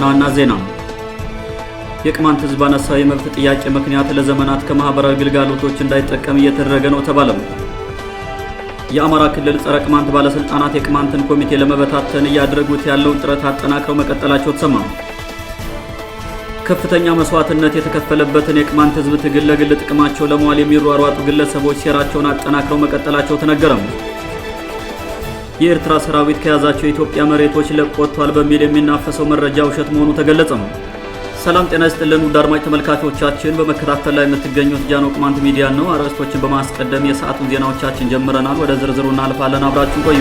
ዋና ዋና ዜና የቅማንት ህዝብ አነሳዊ መብት ጥያቄ ምክንያት ለዘመናት ከማህበራዊ ግልጋሎቶች እንዳይጠቀም እየተደረገ ነው ተባለም። የአማራ ክልል ጸረ ቅማንት ባለስልጣናት የቅማንትን ኮሚቴ ለመበታተን እያደረጉት ያለውን ጥረት አጠናክረው መቀጠላቸው ተሰማ። ከፍተኛ መስዋዕትነት የተከፈለበትን የቅማንት ህዝብ ትግል ለግል ጥቅማቸው ለመዋል የሚሯሯጡ ግለሰቦች ሴራቸውን አጠናክረው መቀጠላቸው ተነገረም። የኤርትራ ሰራዊት ከያዛቸው የኢትዮጵያ መሬቶች ለቆጥቷል በሚል የሚናፈሰው መረጃ ውሸት መሆኑ ተገለጸም። ሰላም ጤና ይስጥልን ውድ አድማጭ ተመልካቾቻችን፣ በመከታተል ላይ የምትገኙት ጃኖ ቅማንት ሚዲያ ነው። አርዕስቶችን በማስቀደም የሰዓቱን ዜናዎቻችን ጀምረናል። ወደ ዝርዝሩ እናልፋለን። አብራችሁ ቆዩ።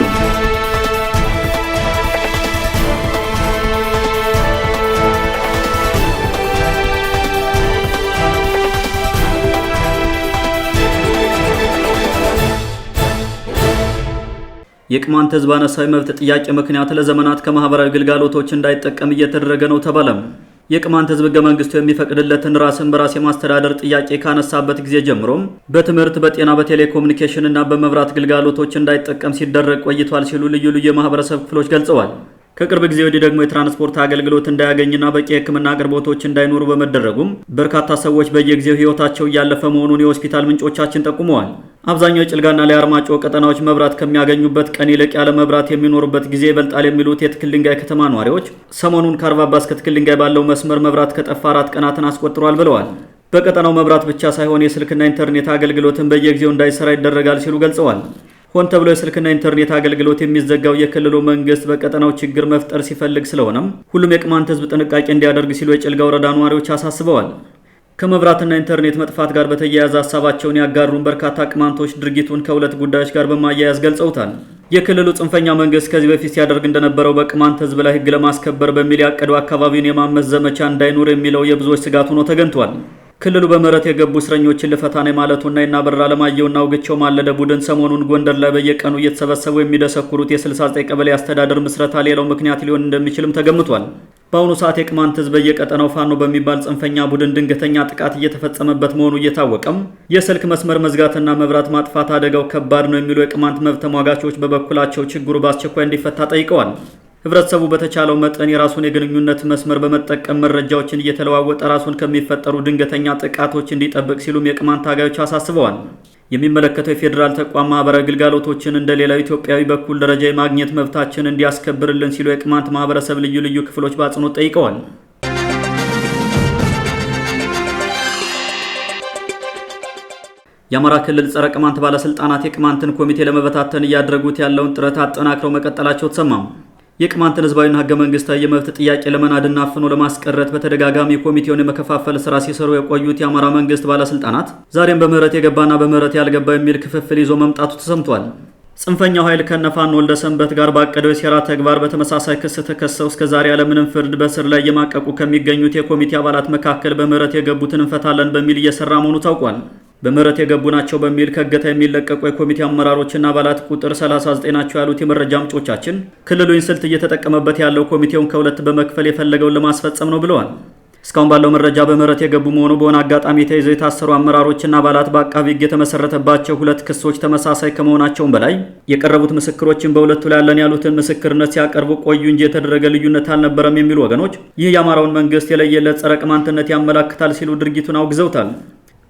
የቅማንት ህዝብ አነሳዊ መብት ጥያቄ ምክንያት ለዘመናት ከማህበራዊ ግልጋሎቶች እንዳይጠቀም እየተደረገ ነው ተባለም። የቅማንት ህዝብ ህገ መንግስቱ የሚፈቅድለትን ራስን በራስ የማስተዳደር ጥያቄ ካነሳበት ጊዜ ጀምሮም በትምህርት፣ በጤና፣ በቴሌኮሙኒኬሽን እና በመብራት ግልጋሎቶች እንዳይጠቀም ሲደረግ ቆይቷል ሲሉ ልዩ ልዩ የማህበረሰብ ክፍሎች ገልጸዋል። ከቅርብ ጊዜ ወዲህ ደግሞ የትራንስፖርት አገልግሎት እንዳያገኝና በቂ የሕክምና አቅርቦቶች እንዳይኖሩ በመደረጉም በርካታ ሰዎች በየጊዜው ሕይወታቸው እያለፈ መሆኑን የሆስፒታል ምንጮቻችን ጠቁመዋል። አብዛኛው የጭልጋና ላይ አርማጮ ቀጠናዎች መብራት ከሚያገኙበት ቀን ይልቅ ያለ መብራት የሚኖሩበት ጊዜ ይበልጣል የሚሉት የትክል ድንጋይ ከተማ ነዋሪዎች ሰሞኑን ከአርባ እስከ ትክል ድንጋይ ባለው መስመር መብራት ከጠፋ አራት ቀናትን አስቆጥሯል ብለዋል። በቀጠናው መብራት ብቻ ሳይሆን የስልክና ኢንተርኔት አገልግሎትን በየጊዜው እንዳይሰራ ይደረጋል ሲሉ ገልጸዋል። ሆን ተብሎ የስልክና ኢንተርኔት አገልግሎት የሚዘጋው የክልሉ መንግስት በቀጠናው ችግር መፍጠር ሲፈልግ ስለሆነም ሁሉም የቅማንት ህዝብ ጥንቃቄ እንዲያደርግ ሲሉ የጭልጋ ወረዳ ነዋሪዎች አሳስበዋል። ከመብራትና ኢንተርኔት መጥፋት ጋር በተያያዘ ሀሳባቸውን ያጋሩን በርካታ ቅማንቶች ድርጊቱን ከሁለት ጉዳዮች ጋር በማያያዝ ገልጸውታል። የክልሉ ጽንፈኛ መንግስት ከዚህ በፊት ሲያደርግ እንደነበረው በቅማንት ህዝብ ላይ ህግ ለማስከበር በሚል ያቀደው አካባቢውን የማመስ ዘመቻ እንዳይኖር የሚለው የብዙዎች ስጋት ሆኖ ተገኝቷል። ክልሉ በምህረት የገቡ እስረኞችን ልፈታኔ ማለቱና ይናበራ አለማየሁና ውግቸው ማለደ ቡድን ሰሞኑን ጎንደር ላይ በየቀኑ እየተሰበሰቡ የሚደሰኩሩት የ69 ቀበሌ አስተዳደር ምስረታ ሌላው ምክንያት ሊሆን እንደሚችልም ተገምቷል። በአሁኑ ሰዓት የቅማንት ህዝብ በየቀጠናው ፋኖ በሚባል ጽንፈኛ ቡድን ድንገተኛ ጥቃት እየተፈጸመበት መሆኑ እየታወቀም የስልክ መስመር መዝጋትና መብራት ማጥፋት አደጋው ከባድ ነው የሚሉ የቅማንት መብት ተሟጋቾች በበኩላቸው ችግሩ በአስቸኳይ እንዲፈታ ጠይቀዋል። ህብረተሰቡ በተቻለው መጠን የራሱን የግንኙነት መስመር በመጠቀም መረጃዎችን እየተለዋወጠ ራሱን ከሚፈጠሩ ድንገተኛ ጥቃቶች እንዲጠብቅ ሲሉም የቅማንት ታጋዮች አሳስበዋል። የሚመለከተው የፌዴራል ተቋም ማህበረ ግልጋሎቶችን እንደ ሌላው ኢትዮጵያዊ በኩል ደረጃ የማግኘት መብታችን እንዲያስከብርልን ሲሉ የቅማንት ማህበረሰብ ልዩ ልዩ ክፍሎች በአጽንኦት ጠይቀዋል። የአማራ ክልል ጸረ ቅማንት ባለስልጣናት የቅማንትን ኮሚቴ ለመበታተን እያደረጉት ያለውን ጥረት አጠናክረው መቀጠላቸው ተሰማሙ። የቅማንትን ህዝባዊና ህገ መንግስታዊ የመብት ጥያቄ ለመናድና አፍኖ ለማስቀረት በተደጋጋሚ ኮሚቴውን የመከፋፈል ስራ ሲሰሩ የቆዩት የአማራ መንግስት ባለስልጣናት ዛሬም በምህረት የገባና በምህረት ያልገባ የሚል ክፍፍል ይዞ መምጣቱ ተሰምቷል። ጽንፈኛው ኃይል ከነፋኖ ወልደሰንበት ጋር ባቀደው የሴራ ተግባር በተመሳሳይ ክስ ተከሰው እስከ ዛሬ ያለምንም ፍርድ በስር ላይ የማቀቁ ከሚገኙት የኮሚቴ አባላት መካከል በምህረት የገቡትን እንፈታለን በሚል እየሰራ መሆኑ ታውቋል። በምህረት የገቡ ናቸው በሚል ከእገታ የሚለቀቁ የኮሚቴ አመራሮችና አባላት ቁጥር 39 ናቸው ያሉት የመረጃ ምንጮቻችን ክልሉ ይህን ስልት እየተጠቀመበት ያለው ኮሚቴውን ከሁለት በመክፈል የፈለገውን ለማስፈጸም ነው ብለዋል። እስካሁን ባለው መረጃ በምህረት የገቡ መሆኑ በሆነ አጋጣሚ ተይዘው የታሰሩ አመራሮችና አባላት በአቃቢ ሕግ የተመሰረተባቸው ሁለት ክሶች ተመሳሳይ ከመሆናቸውም በላይ የቀረቡት ምስክሮችን በሁለቱ ላይ ያለን ያሉትን ምስክርነት ሲያቀርቡ ቆዩ እንጂ የተደረገ ልዩነት አልነበረም የሚሉ ወገኖች ይህ የአማራውን መንግስት የለየለት ጸረ ቅማንትነት ያመላክታል ሲሉ ድርጊቱን አውግዘውታል።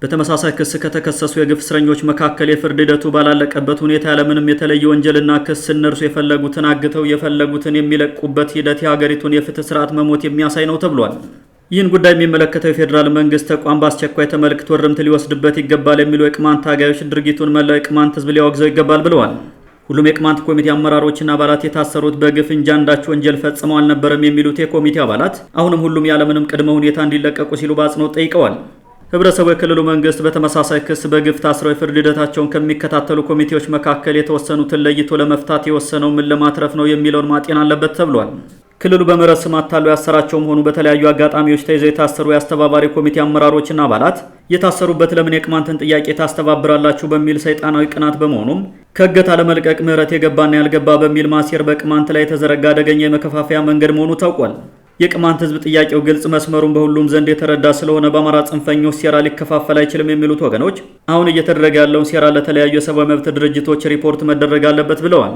በተመሳሳይ ክስ ከተከሰሱ የግፍ እስረኞች መካከል የፍርድ ሂደቱ ባላለቀበት ሁኔታ ያለምንም የተለየ ወንጀልና ክስ እነርሱ የፈለጉትን አግተው የፈለጉትን የሚለቁበት ሂደት የሀገሪቱን የፍትህ ስርዓት መሞት የሚያሳይ ነው ተብሏል። ይህን ጉዳይ የሚመለከተው የፌዴራል መንግስት ተቋም በአስቸኳይ ተመልክቶ እርምት ሊወስድበት ይገባል የሚሉ የቅማንት ታጋዮች ድርጊቱን መላው የቅማንት ህዝብ ሊያወግዘው ይገባል ብለዋል። ሁሉም የቅማንት ኮሚቴ አመራሮችና አባላት የታሰሩት በግፍ እንጂ አንዳች ወንጀል ፈጽመው አልነበረም የሚሉት የኮሚቴ አባላት አሁንም ሁሉም ያለምንም ቅድመ ሁኔታ እንዲለቀቁ ሲሉ በአጽንኦት ጠይቀዋል። ህብረተሰቡ የክልሉ መንግስት በተመሳሳይ ክስ በግፍ ታስረው የፍርድ ሂደታቸውን ከሚከታተሉ ኮሚቴዎች መካከል የተወሰኑትን ለይቶ ለመፍታት የወሰነው ምን ለማትረፍ ነው የሚለውን ማጤን አለበት ተብሏል። ክልሉ በምህረት ስም አታሎ ያሰራቸው መሆኑ በተለያዩ አጋጣሚዎች ተይዘው የታሰሩ የአስተባባሪ ኮሚቴ አመራሮችና አባላት የታሰሩበት ለምን የቅማንትን ጥያቄ ታስተባብራላችሁ በሚል ሰይጣናዊ ቅናት በመሆኑም ከእገታ ለመልቀቅ ምህረት የገባና ያልገባ በሚል ማሴር በቅማንት ላይ የተዘረጋ አደገኛ የመከፋፈያ መንገድ መሆኑ ታውቋል። የቅማንት ህዝብ ጥያቄው ግልጽ መስመሩን በሁሉም ዘንድ የተረዳ ስለሆነ በአማራ ጽንፈኞች ሴራ ሊከፋፈል አይችልም የሚሉት ወገኖች አሁን እየተደረገ ያለውን ሴራ ለተለያዩ የሰብአዊ መብት ድርጅቶች ሪፖርት መደረግ አለበት ብለዋል።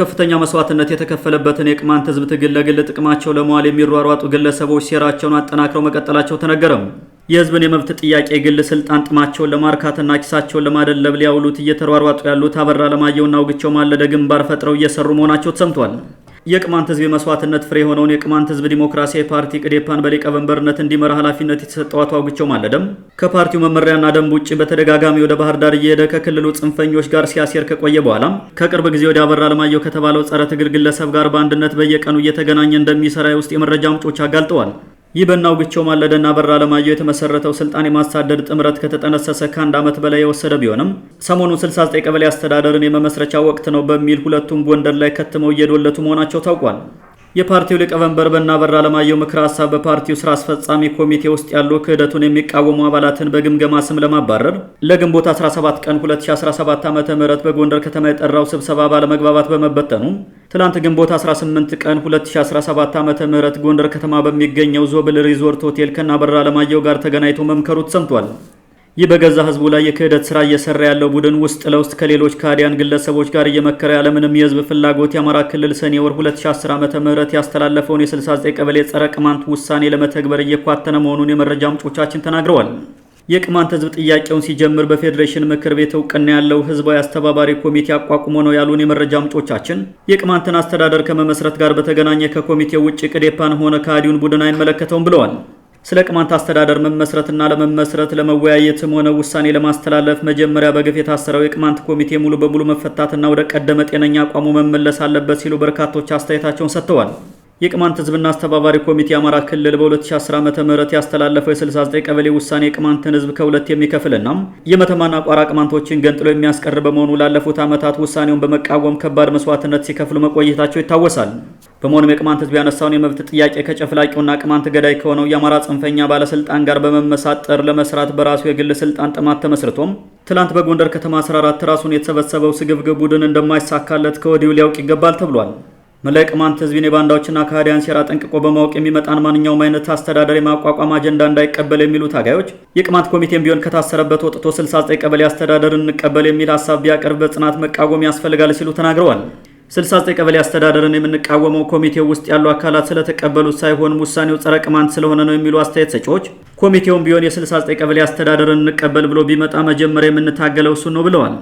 ከፍተኛ መስዋዕትነት የተከፈለበትን የቅማንት ህዝብ ትግል ለግል ጥቅማቸው ለመዋል የሚሯሯጡ ግለሰቦች ሴራቸውን አጠናክረው መቀጠላቸው ተነገረም። የህዝብን የመብት ጥያቄ ግል ስልጣን ጥማቸውን ለማርካትና ኪሳቸውን ለማደለብ ሊያውሉት እየተሯሯጡ ያሉት አበራ ለማየውና አውግቸው ማለደ ግንባር ፈጥረው እየሰሩ መሆናቸው ተሰምቷል። የቅማንት ህዝብ የመስዋዕትነት ፍሬ የሆነውን የቅማንት ህዝብ ዲሞክራሲያዊ ፓርቲ ቅዴፓን በሊቀመንበርነት እንዲመራ ኃላፊነት የተሰጠው አቶ አውግቸው ማለደም ከፓርቲው መመሪያና ደንብ ውጭ በተደጋጋሚ ወደ ባህር ዳር እየሄደ ከክልሉ ጽንፈኞች ጋር ሲያሴር ከቆየ በኋላ ከቅርብ ጊዜ ወደ አበራ አለማየሁ ከተባለው ጸረ ትግል ግለሰብ ጋር በአንድነት በየቀኑ እየተገናኘ እንደሚሰራ የውስጥ የመረጃ ምንጮች አጋልጠዋል። ይህ በእናውግቸው ማለደና በራ አለማየሁ የተመሰረተው ስልጣን የማሳደድ ጥምረት ከተጠነሰሰ ከአንድ ዓመት በላይ የወሰደ ቢሆንም ሰሞኑን 69 ቀበሌ አስተዳደርን የመመስረቻ ወቅት ነው በሚል ሁለቱም ጎንደር ላይ ከትመው እየዶለቱ መሆናቸው ታውቋል። የፓርቲው ሊቀመንበር በና በራ አለማየሁ ምክር ሀሳብ በፓርቲው ስራ አስፈጻሚ ኮሚቴ ውስጥ ያሉ ክህደቱን የሚቃወሙ አባላትን በግምገማ ስም ለማባረር ለግንቦት 17 ቀን 2017 ዓ ም በጎንደር ከተማ የጠራው ስብሰባ ባለመግባባት በመበተኑ ትላንት ግንቦት 18 ቀን 2017 ዓ ም ጎንደር ከተማ በሚገኘው ዞብል ሪዞርት ሆቴል ከና በራ አለማየሁ ጋር ተገናኝቶ መምከሩ ተሰምቷል። ይህ በገዛ ህዝቡ ላይ የክህደት ስራ እየሰራ ያለው ቡድን ውስጥ ለውስጥ ከሌሎች ካዲያን ግለሰቦች ጋር እየመከረ ያለምንም የህዝብ ፍላጎት የአማራ ክልል ሰኔ ወር 2010 ዓ ም ያስተላለፈውን የ69 ቀበሌ ጸረ ቅማንት ውሳኔ ለመተግበር እየኳተነ መሆኑን የመረጃ ምንጮቻችን ተናግረዋል። የቅማንት ህዝብ ጥያቄውን ሲጀምር በፌዴሬሽን ምክር ቤት እውቅና ያለው ህዝባዊ አስተባባሪ ኮሚቴ አቋቁሞ ነው ያሉን የመረጃ ምንጮቻችን የቅማንትን አስተዳደር ከመመስረት ጋር በተገናኘ ከኮሚቴው ውጭ ቅዴፓን ሆነ ካዲውን ቡድን አይመለከተውም ብለዋል። ስለ ቅማንት አስተዳደር መመስረትና ለመመስረት ለመወያየትም ሆነ ውሳኔ ለማስተላለፍ መጀመሪያ በግፍ የታሰረው የቅማንት ኮሚቴ ሙሉ በሙሉ መፈታትና ወደ ቀደመ ጤነኛ አቋሙ መመለስ አለበት ሲሉ በርካቶች አስተያየታቸውን ሰጥተዋል። የቅማንት ህዝብና አስተባባሪ ኮሚቴ የአማራ ክልል በ2010 ዓ ም ያስተላለፈው የ69 ቀበሌ ውሳኔ የቅማንትን ህዝብ ከሁለት የሚከፍልና የመተማና ቋራ ቅማንቶችን ገንጥሎ የሚያስቀር በመሆኑ ላለፉት ዓመታት ውሳኔውን በመቃወም ከባድ መስዋዕትነት ሲከፍሉ መቆየታቸው ይታወሳል። በመሆኑም የቅማንት ህዝብ ያነሳውን የመብት ጥያቄ ከጨፍላቂውና ቅማንት ገዳይ ከሆነው የአማራ ጽንፈኛ ባለስልጣን ጋር በመመሳጠር ለመስራት በራሱ የግል ስልጣን ጥማት ተመስርቶም ትላንት በጎንደር ከተማ 14 ራሱን የተሰበሰበው ስግብግብ ቡድን እንደማይሳካለት ከወዲሁ ሊያውቅ ይገባል ተብሏል። መላይ ቅማንት ህዝብን የባንዳዎችና ከሃዲያን ሴራ ጠንቅቆ በማወቅ የሚመጣን ማንኛውም አይነት አስተዳደር የማቋቋም አጀንዳ እንዳይቀበል የሚሉ ታጋዮች የቅማንት ኮሚቴም ቢሆን ከታሰረበት ወጥቶ 69 ቀበሌ አስተዳደር እንቀበል የሚል ሀሳብ ቢያቀርብ በጽናት መቃወም ያስፈልጋል ሲሉ ተናግረዋል። 69 ቀበሌ አስተዳደርን የምንቃወመው ኮሚቴው ውስጥ ያሉ አካላት ስለተቀበሉት ሳይሆን ውሳኔው ጸረ ቅማንት ስለሆነ ነው የሚሉ አስተያየት ሰጪዎች ኮሚቴውም ቢሆን የ69 ቀበሌ አስተዳደርን እንቀበል ብሎ ቢመጣ መጀመሪያ የምንታገለው እሱን ነው ብለዋል።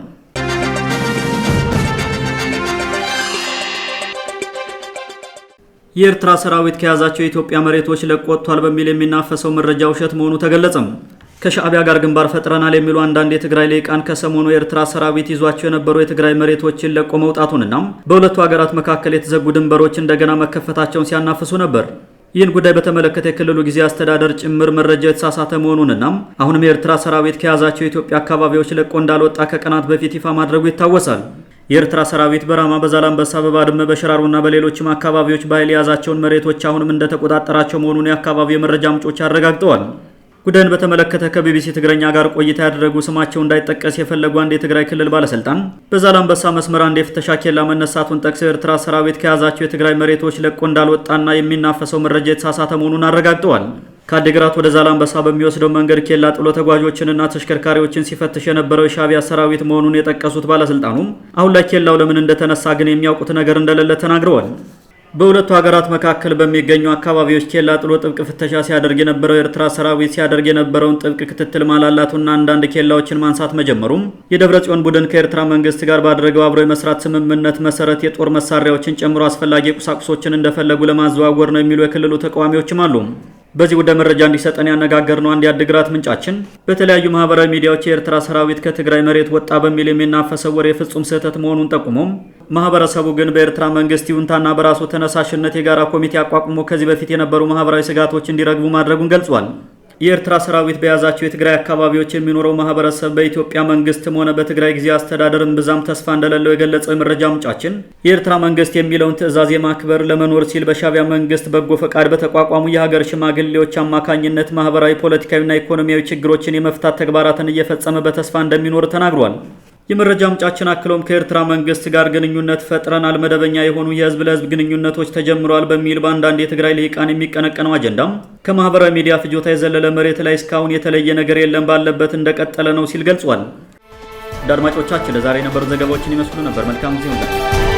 የኤርትራ ሰራዊት ከያዛቸው የኢትዮጵያ መሬቶች ለቆጥቷል በሚል የሚናፈሰው መረጃ ውሸት መሆኑ ተገለጸም። ከሻዕቢያ ጋር ግንባር ፈጥረናል የሚሉ አንዳንድ የትግራይ ልሂቃን ከሰሞኑ የኤርትራ ሰራዊት ይዟቸው የነበሩ የትግራይ መሬቶችን ለቆ መውጣቱንና በሁለቱ ሀገራት መካከል የተዘጉ ድንበሮች እንደገና መከፈታቸውን ሲያናፍሱ ነበር። ይህን ጉዳይ በተመለከተ የክልሉ ጊዜ አስተዳደር ጭምር መረጃ የተሳሳተ መሆኑንና አሁንም የኤርትራ ሰራዊት ከያዛቸው የኢትዮጵያ አካባቢዎች ለቆ እንዳልወጣ ከቀናት በፊት ይፋ ማድረጉ ይታወሳል። የኤርትራ ሰራዊት በራማ፣ በዛላንበሳ በባድመ፣ በሽራሮና በሌሎችም አካባቢዎች በኃይል የያዛቸውን መሬቶች አሁንም እንደተቆጣጠራቸው መሆኑን የአካባቢው የመረጃ ምንጮች አረጋግጠዋል። ጉዳይን በተመለከተ ከቢቢሲ ትግረኛ ጋር ቆይታ ያደረጉ ስማቸው እንዳይጠቀስ የፈለጉ አንድ የትግራይ ክልል ባለስልጣን በዛላምበሳ መስመር አንድ የፍተሻ ኬላ መነሳቱን ጠቅሰው የኤርትራ ሰራዊት ከያዛቸው የትግራይ መሬቶች ለቆ እንዳልወጣና የሚናፈሰው መረጃ የተሳሳተ መሆኑን አረጋግጠዋል። ከአዲግራት ወደ ዛላምበሳ በሚወስደው መንገድ ኬላ ጥሎ ተጓዦችንና ተሽከርካሪዎችን ሲፈትሽ የነበረው የሻቢያ ሰራዊት መሆኑን የጠቀሱት ባለስልጣኑም አሁን ላይ ኬላው ለምን እንደተነሳ ግን የሚያውቁት ነገር እንደሌለ ተናግረዋል። በሁለቱ ሀገራት መካከል በሚገኙ አካባቢዎች ኬላ ጥሎ ጥብቅ ፍተሻ ሲያደርግ የነበረው የኤርትራ ሰራዊት ሲያደርግ የነበረውን ጥብቅ ክትትል ማላላቱና አንዳንድ ኬላዎችን ማንሳት መጀመሩም የደብረ ጽዮን ቡድን ከኤርትራ መንግስት ጋር ባደረገው አብሮ የመስራት ስምምነት መሰረት የጦር መሳሪያዎችን ጨምሮ አስፈላጊ ቁሳቁሶችን እንደፈለጉ ለማዘዋወር ነው የሚሉ የክልሉ ተቃዋሚዎችም አሉ። በዚህ ጉዳይ መረጃ እንዲሰጠን ያነጋገርነው አንድ የአድግራት ምንጫችን በተለያዩ ማህበራዊ ሚዲያዎች የኤርትራ ሰራዊት ከትግራይ መሬት ወጣ በሚል የሚናፈሰው ወሬ ፍጹም ስህተት መሆኑን ጠቁሞም ማህበረሰቡ ግን በኤርትራ መንግስት ይሁንታና በራሱ ተነሳሽነት የጋራ ኮሚቴ አቋቁሞ ከዚህ በፊት የነበሩ ማህበራዊ ስጋቶች እንዲረግቡ ማድረጉን ገልጿል። የኤርትራ ሰራዊት በያዛቸው የትግራይ አካባቢዎች የሚኖረው ማህበረሰብ በኢትዮጵያ መንግስትም ሆነ በትግራይ ጊዜ አስተዳደር ብዛም ተስፋ እንደሌለው የገለጸው የመረጃ ምንጫችን የኤርትራ መንግስት የሚለውን ትዕዛዝ የማክበር ለመኖር ሲል በሻቢያ መንግስት በጎ ፈቃድ በተቋቋሙ የሀገር ሽማግሌዎች አማካኝነት ማህበራዊ፣ ፖለቲካዊና ኢኮኖሚያዊ ችግሮችን የመፍታት ተግባራትን እየፈጸመ በተስፋ እንደሚኖር ተናግሯል። የመረጃ ምንጫችን አክለውም ከኤርትራ መንግስት ጋር ግንኙነት ፈጥረናል፣ መደበኛ የሆኑ የህዝብ ለህዝብ ግንኙነቶች ተጀምረዋል በሚል በአንዳንድ የትግራይ ልሂቃን የሚቀነቀነው አጀንዳም ከማህበራዊ ሚዲያ ፍጆታ የዘለለ መሬት ላይ እስካሁን የተለየ ነገር የለም፣ ባለበት እንደቀጠለ ነው ሲል ገልጿል። አድማጮቻችን ለዛሬ የነበሩ ዘገባዎችን ይመስሉ ነበር። መልካም ጊዜ